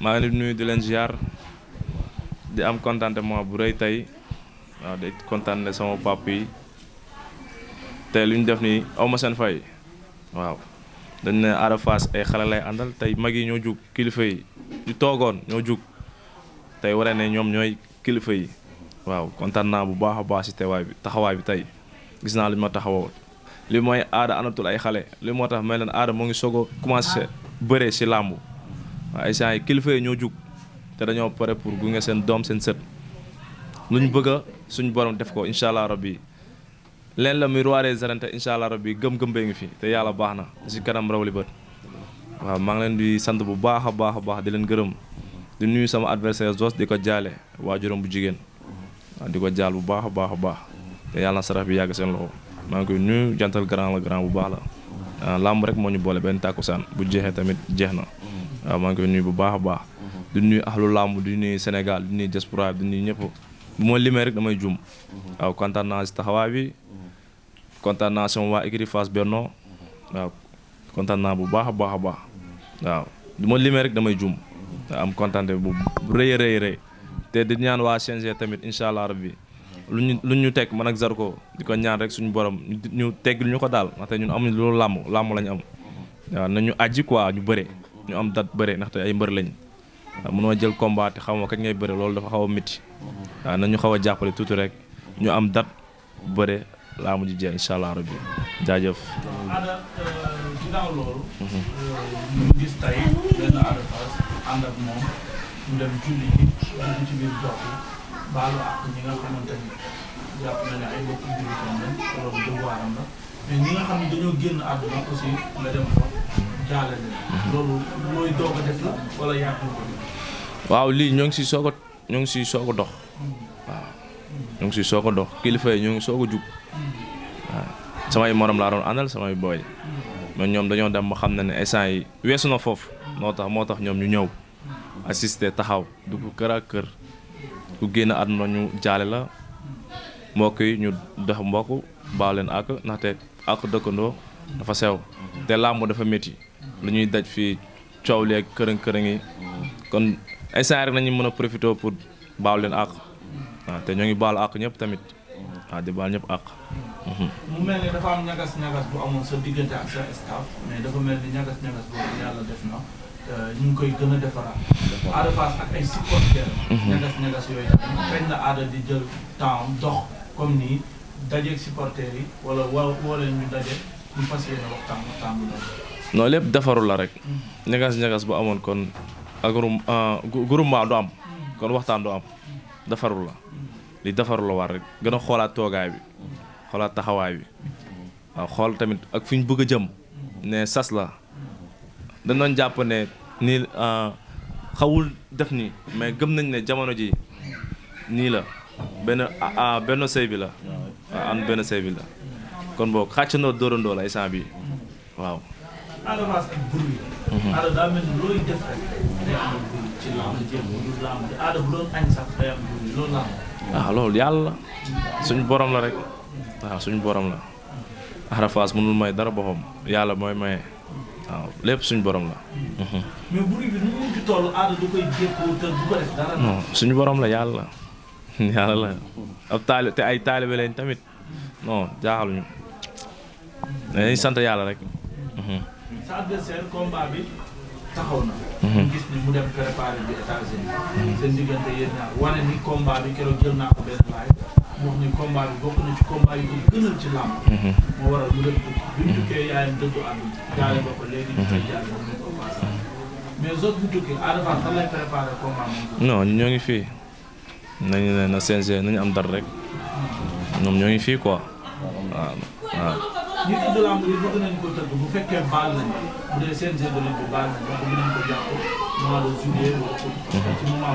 maa ngi leen nuyu di leen ziar di am contentement bu rëy tey waaw di kontaan ne sama papa yi tey lu ñu def nii awma ma seen fay waaw dañ ne Ada Fass ay xale lay àndal tey mag yi ñoo jug kilifa yi ñu toogoon ñoo jug tey waree ne ñoom ñooy kilifa yi waaw kontaan naa bu baax a baax si teewaay bi taxawaay bi tey gis naa li ma taxawoo li mooy aada anatul ay xale li moo tax may leen aada moo ngi soog a commencé bëree si làmb waaye saa yi kilifa yi ñoo jug te dañoo pare pour gunge seen doom seen sët lu ñu bëgg a suñu borom def ko incha allah rabbi leen la muy roi des arènes incha allah rabbi gëm-gëm bee ngi fi te yàlla baax na si kanam raw li bët waaw maa ngi leen di sant bu baax a baax a baax di leen gërëm di nuyu sama adversaire Zoss di ko jaale waajuram bu jigéen waaw di ko jaal bu baax a baax baax te yàlla na sarax bi yàgg seen loxo maa ngi koy nuyu jantal grand la grand bu baax la làmb rek moo ñu boole benn tàkkusaan bu jeexee tamit jeex na waaw maa ngi koy bu baax a baax. Mm-hmm. du nuyu axlu làmb du nuy Sénégal du nuyu diaspora du nuyu ñëpp bu ma limee damay juum. Mm-hmm. waaw kontaan mm-hmm. waa écurie Fass Benno bu baax a baax a baax waaw du ma damay juum. am kontaan bu rëy rëy rëy te di ñaan waa CNG tamit incha allah rabbi lu ñu lu ñu teg man ak ko di ko ñaan rek suñu borom ñu teggil ñu ko daal ndaxte ñun amuñ loolu làmb làmb lañu am waaw nañu aji quoi ñu bëre. ñu am date bëre ndaxte ay mbër lañ waaw mënoo jël combat te xamoo kañ ngay bëre loolu dafa xaw a métti waaw na xaw a jàppale tuuti rek ñu am date bëre laa mujj jeex incha allah rabbi jaajëf. Ada euh, ginnaaw loolu. Mhm. Euh, ñu dem julli ji dugg nga xamante ni dañoo génn àdduna aussi la dem fa. Mhm. waaw lii ñoo ngi si soo a ñoo ngi si soog a dox mhm. waaw ñoo soog dox kilifa yi ñoo ngi soog a jug mhm. waaw samay moroom laa doon àndal samay booy mais ñoom dañoo dem ba xam na ne essan yi weesu na foofu moo tax moo tax ñoom ñu ñëw assister taxaw dugg kër ak kër ku génn àdduna ñu jaale la mbokk yi ñu dox mbokk baaw leen ak ndaxte ak dëkkandoo dafa sew te làmb dafa métti lañuy daj fi coow ak kërëng kërëng yi kon instant rek nañu mëna profito pour baaw leen ak wa té ñoo ngi baal ak ñëpp tamit wa di baal ñëpp ak mhm. mu melni dafa am ñagas ñagas bu amon sa digënté ak sa staff mais dafa melni ñagas ñagas bu yalla def na ñu koy face ak ay supporter mhm. ñagas ñagas di jël temps dox comme non lépp defarul la rek ñagas ñagas bu amoon kon agrum ah, groupement du am kon waxtaan du am defarul la li defaru la war rek gën a xoolaat toogaay bi xoolaat taxawaay bi waaw xool tamit ak fi ñu bëgg a jëm ne sas la dañ doon jàpp ne nii ah, xawul def nii mais gëm nañ ne jamono ji nii la benn ah, benn sëy bi la waaw benn sëy bi la kon boo xàccandoo dóorandoo la instant bi waaw Casamance mhm. ah, loolu yàlla suñu borom la rek waaw suñu borom la. Arafaas mënul may dara boppam yàlla mooy maye waaw lépp suñu borom la. Mhm. mais borom la yàlla yàlla la ab taali te ay taalibe lañ tamit ñu jaaxaluñu dañuy sant yàlla rek. Mhm. sa adversaire combat bi taxaw na. Mhm. gis ni mu dem préparé bi États-Unis. Mhm. seen diggante yéen ñaar wane ni combat bi keroog jël naa ko benn laay mu wax ni combat bi bokk na ci combat yu gënal ci làmb. Mhm. moo waral mu dem tukki. bi mu tukkee yaayam dëddu àdduna. jaale ba ko léegi. ñu koy ba ko passage. mais zone bu tukki à ñoo ngi fii nañu ne na CNG nañu am dar rek ñoom ñoo ngi fii quoi waaw waaw. ngir Idul Adha bi bëgg nañ ko tëgg bu fekkee baal nañ bu dee seen seen danañ ko baal nañ bëgg ko jàpp mois de juillet ci moment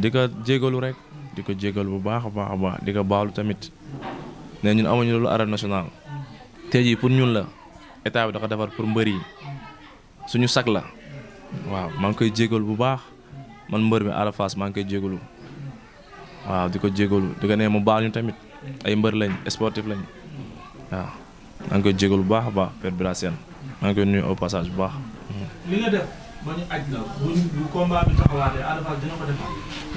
di ko jégalu rek di ko bu baax a baax a baax di ko baalu tamit ne ñun amuñu arène tey jii pour ñun la état bi defar pour waaw maa ngi koy jégalu bu baax man mbër mi Ada Fass maa ngi koy jégalu waaw di ko jégalu di ko ne mu baal ñu tamit ay mbër lañ sportif lañ waaw maa ngi koy jégalu bu baax a baax Père Birasène maa ngi koy nuyu au passage bu baax. li nga def ba ñu aj la bu bu combat bi taxawaatee Ada Fass dina ko def.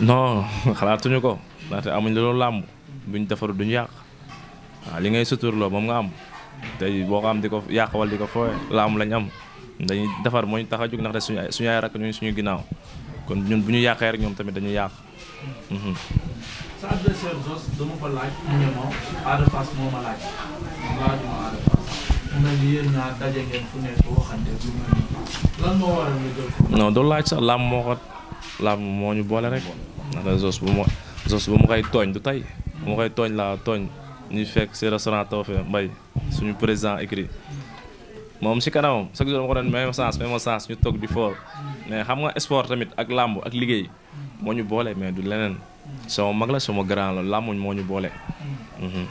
non xalaatuñu ko ndaxte amuñ la loolu làmb buñ defaru duñ yàq waaw li ngay suturloo moom nga am tey boo ko am di ko yàq wala di ko fooye làmb lañ am. dañuy defar moo ñu tax a jóg suñu suñu ay rakk ginnaaw kon ñun bu ñu yàqee rek ñoom tamit dañu yàq. Mhm. sa adversaire laaj. mu sax làmb moo moo ñu boole rek. ndax Zoss bu ma Zoss bu koy tooñ du tey. bu ma koy tooñ laa tooñ ñuy fekk si restaurant Tawfé mbay suñu président écrit mom ci kanam chaque jour ko doon même sens même sens ñu tok di fool mais xam nga sport tamit ak lamb ak liggéey mo ñu bolé mais du lenen sama mag la sama grand la lamb mo ñu boole. Mhm.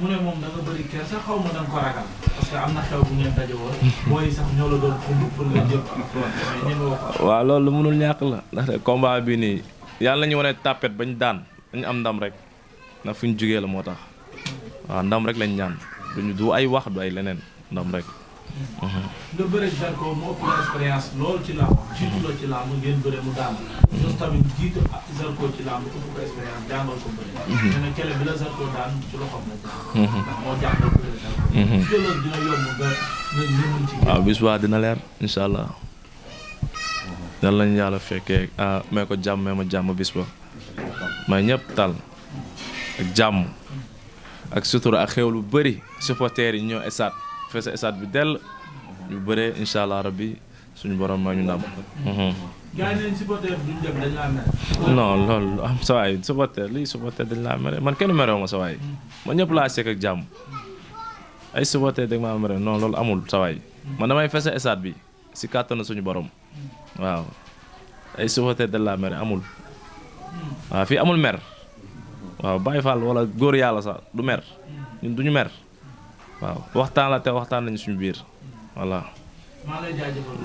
mu ne mom da nga bari kersa sax xawma da nga ko ragal parce que amna xew bu ngeen dajé woon mooy sax ñoo la doon xumb pour la jëpp wa ñen loolu mënul ñak la ndaxte combat bi ni yalla ñu wane tapette bañ daan ñu am ndam rek na fu ñu la motax wa ndam rek lañ ñaan duñu du ay wax du ay lenen ndam rek nga bëre Zarko moo ëpp expérience lool ci làmb jiitu la ci làmb ngeen bëre mu daan loolu tamit jiitu Zarko ci làmb ëpp ko expérience jàngal ko bëre mhm. nee kele bi la Zarko daan ci loxom la mhm. ndax moo jàngal bëre Zarko mhm. loolu dina yomb nga nga ñëmul ci waaw bis waa dina leer insha allah dal lañ yàlla fekkee ah may ko jàmm may ma jàmm bis ba may ñëpp tal ak jàmm ak sutura ak xew bëri supporters yi ñoo esaat fees stade bi dell ñu bëree incha allah rabbi suñu borom ma ñu ndam. Mhm. gars yi loolu am ah, sa waay supporter lii dañ laa mere man kenn merewu ma man ñëpp laa seq ak jàmm ay supporter dañ maa mere non loolu amul sa man damay fees stade bi si kàttanu suñu borom waaw ay supporter dañ laa mere amul waaw fii amul mer waaw Baye Fall wala góor yàlla sax du mer duñu mer. waaw waxtaan la te waxtaan nañ suñu biir voilà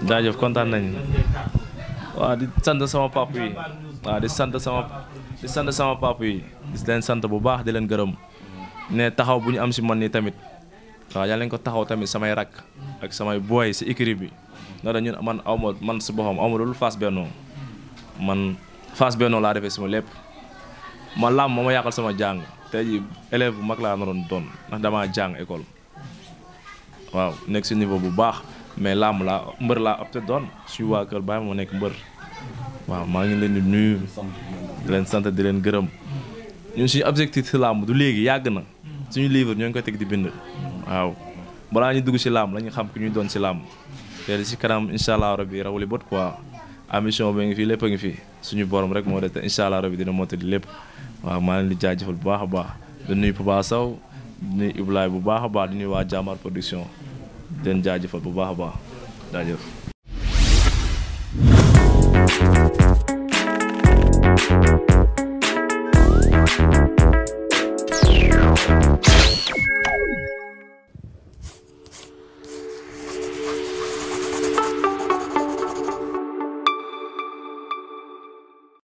jaajëf kontaan nañ waaw di sant sama pap yi waaw di sant sama di sant sama pap yi di leen sant bu baax di leen gërëm ne taxaw bu ñu am si man nii tamit waaw yàlla nañ ko taxaw tamit samay rakk ak samay booy si écrit bi na da ñun man awma man si boppam awma loolu Fass Benno man Fass Benno laa defee sama lépp ma làmb ma ma yàqal sama jàng tey ji élève bu mag laa naroon doon ndax damaa jàng école waaw nekk si niveau bu baax mais làmb laa mbër laa opté doon suñu waa kër Baye moo nekk mbër waaw maa ngi leen di nuyu di leen sant di leen gërëm ñu suñu objectif si làmb du léegi yàgg na suñu livre ñoo ngi ko teg di bind waaw balaa ñu dugg si làmb la ñu xam ku ñuy doon si làmb te si kanam incha allah rabi rawuli bët quoi ambition bi ngi fi lépp a ngi fii suñu borom rek moo def te incha allah rabi dina mottali lépp waaw maa leen di jaajëfal bu baax a baax nuyu Papa Sow di nuyu Ibrahima bu baax a baax di nuyu waa Jàmbaar production den jaajëfal bu baax a baax jaajëf